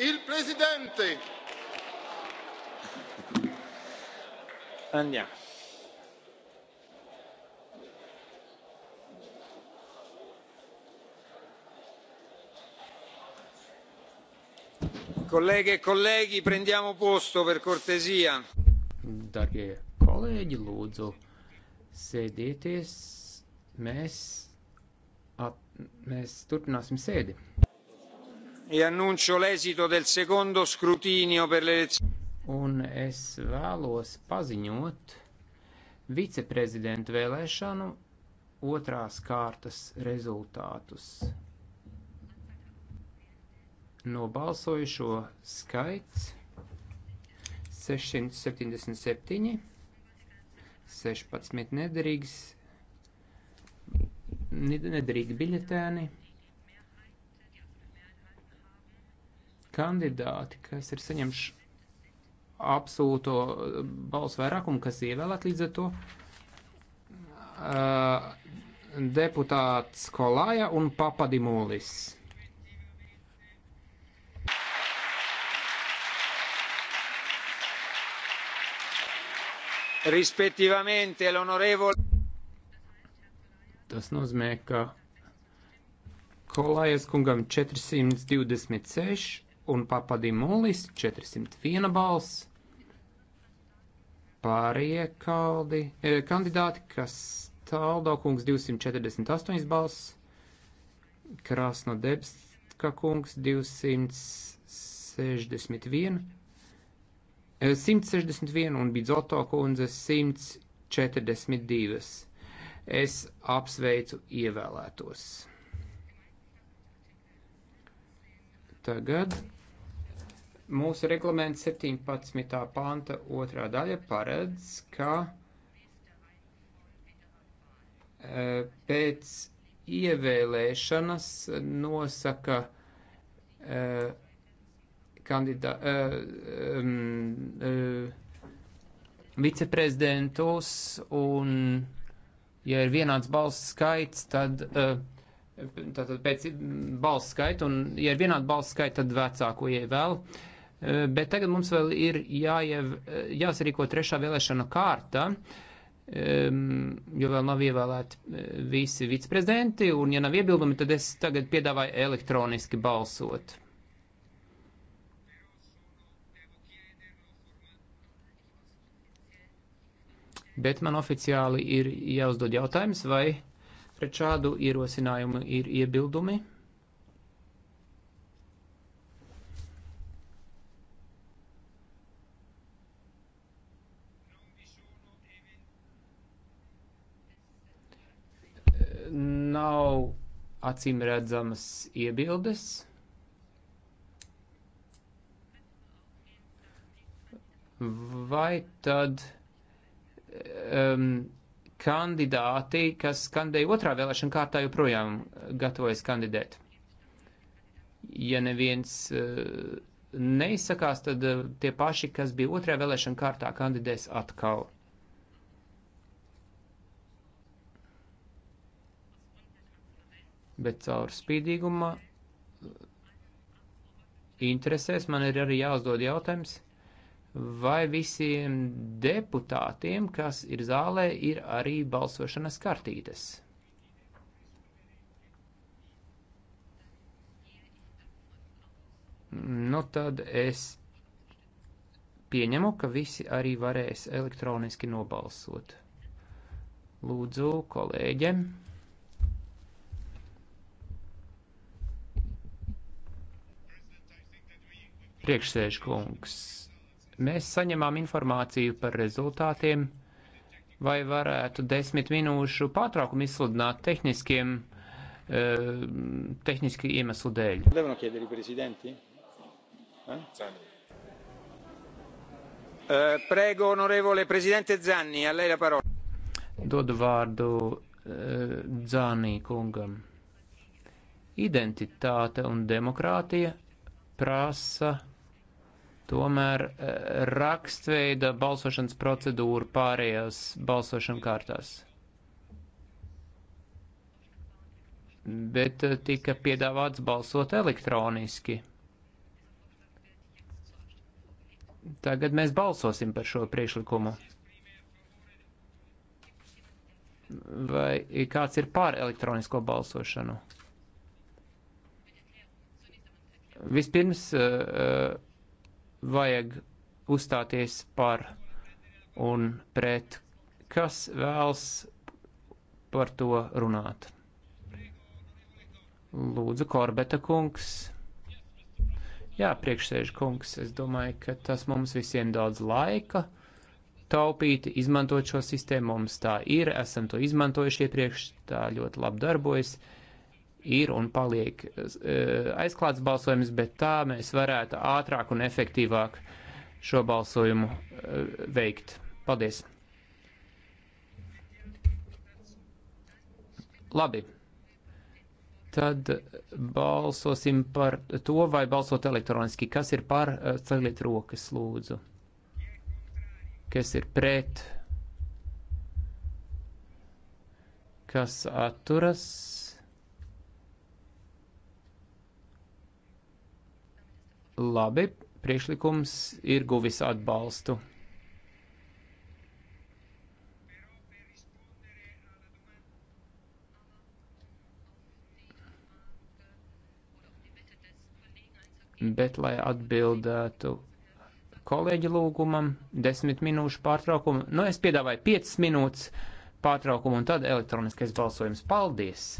il presidente. andiamo. Kolēģi, e kolēģi, prendiamo posto per cortesia. Darbie kolēģi, lūdzu, sēdieties. Mēs, at, mēs turpināsim sēdi e annuncio l'esito del secondo scrutinio per le elezioni. Un es vēlos paziņot viceprezidentu vēlēšanu otrās kārtas rezultātus. Nobalsojušo skaits 677, 16 nederīgs, nederīgi biļetēni. kandidāti, kas ir saņemši absolūto balsu vairākumu, kas ievēlēt līdz ar to uh, deputāts Kolāja un Papadimolis. Respektīvamente, l'onorevole. Tas nozīmē, ka Kolājas kungam 426 un Papadimulis 401 balss. Pārējie kaldi, e, kandidāti, kas Taldo kungs 248 balss, Krasno Debska kungs 261, e, 161 un Bizoto kundze 142. Es apsveicu ievēlētos. tagad Mūsu reglaments 17. panta otrā daļa paredz, ka e, pēc ievēlēšanas nosaka e, kandidā, e, viceprezidentus un, ja ir vienāds balss skaits, tad uh, tātad pēc balss skaita, un, ja ir vienāda balss skaita, tad vecāko ievēl. Eh, bet tagad mums vēl ir jāiev, eh, jāsarīko trešā vēlēšana kārta, jo vēl nav ievēlēti eh, visi viceprezidenti, un ja nav iebildumi, tad es tagad piedāvāju elektroniski balsot. Bet man oficiāli ir jāuzdod jautājums, vai pret šādu ierosinājumu ir iebildumi. acīm redzamas iebildes. Vai tad um, kandidāti, kas kandidēja otrā vēlēšana kārtā, joprojām gatavojas kandidēt? Ja neviens uh, neizsakās, tad uh, tie paši, kas bija otrajā vēlēšana kārtā, kandidēs atkal. bet caur spīdīguma uh, interesēs man ir arī jāuzdod jautājums, vai visiem deputātiem, kas ir zālē, ir arī balsošanas kartītes. Nu tad es pieņemu, ka visi arī varēs elektroniski nobalsot. Lūdzu, kolēģiem! Priekšsēžkungs, mēs saņemām informāciju par rezultātiem, vai varētu desmit minūšu pārtraukumu izsludināt tehniskiem, eh, tehniski iemeslu dēļ. Devono chiedere i presidenti? Eh? Zanni. Uh, eh, prego, onorevole presidente Zanni, a lei la parola. Dodu vārdu eh, Zanni kungam identitāte un demokrātija prasa Tomēr eh, rakstveida balsošanas procedūra pārējās balsošana kārtās. Bet eh, tika piedāvāts balsot elektroniski. Tagad mēs balsosim par šo priekšlikumu. Vai kāds ir pār elektronisko balsošanu? Vispirms uh, vajag uzstāties par un pret, kas vēlas par to runāt. Lūdzu, Korbeta kungs. Jā, priekšsēžu kungs, es domāju, ka tas mums visiem daudz laika taupīt, izmantot šo sistēmu. Mums tā ir, esam to izmantojuši iepriekš, tā ļoti labi darbojas. Uh, ir un paliek e, aizklāts balsojums, bet tā mēs varētu ātrāk un efektīvāk šo balsojumu e, veikt. Paldies! Labi. Tad balsosim par to, vai balsot elektroniski. Kas ir par? E, ceļiet rokas, lūdzu. Kas ir pret? Kas atturas? Labi, priekšlikums ir guvis atbalstu. Bet, lai atbildētu kolēģi lūgumam, desmit minūšu pārtraukumu, nu es piedāvāju piecas minūtes pārtraukumu un tad elektroniskais balsojums. Paldies!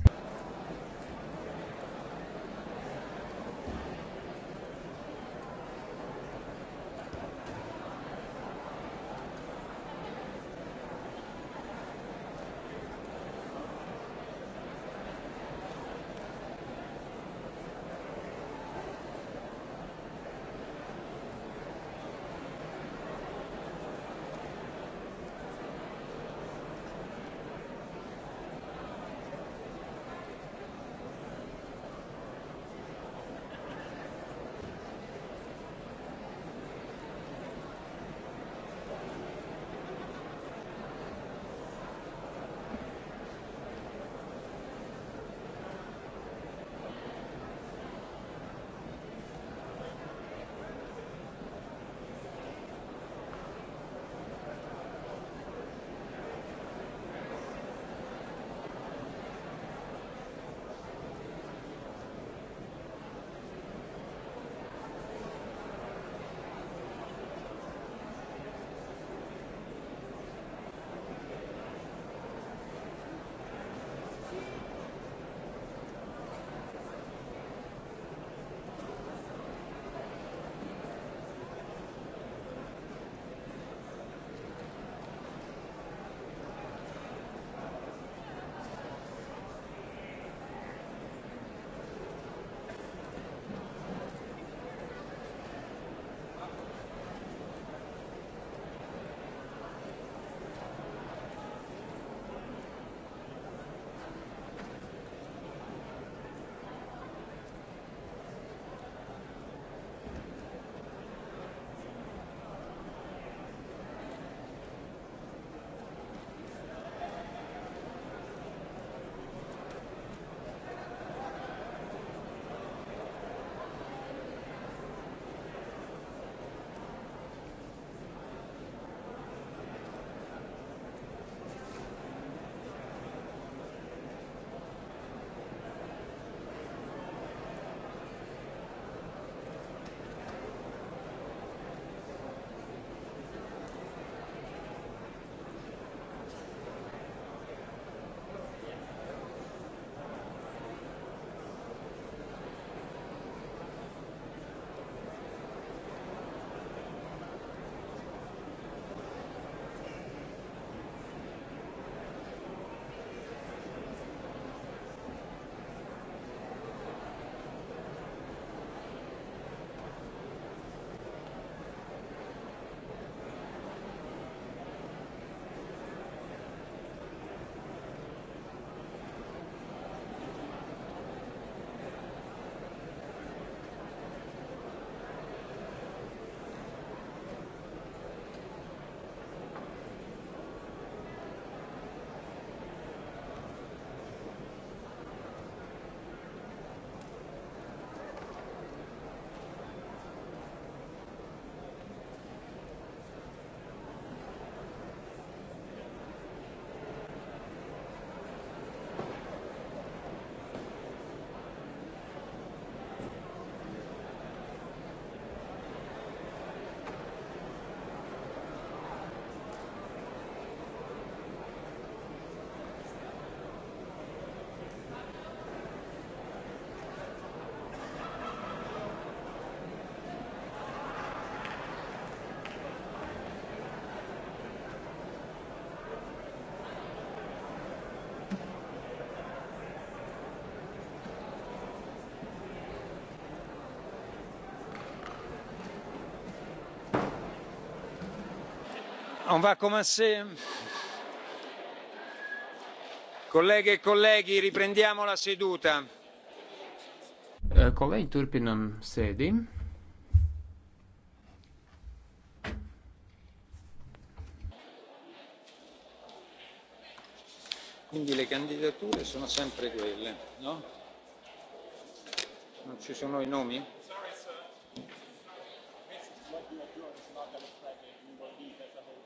on va commencer. Kolēģi, e kolēģi, riprendiamo la seduta. Kolēģi, eh, turpinam sēdi. Quindi le candidature sono sempre quelle, no? Non ci sono i nomi?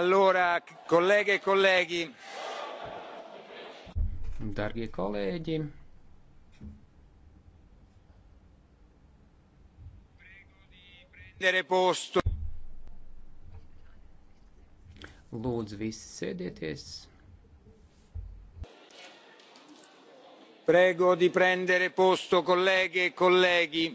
Allora, colleghe e colleghi. Dargie colleghi. Prendere posto. Lūdzu, visi sēdieties. Prego di prendere posto, colleghe e colleghi.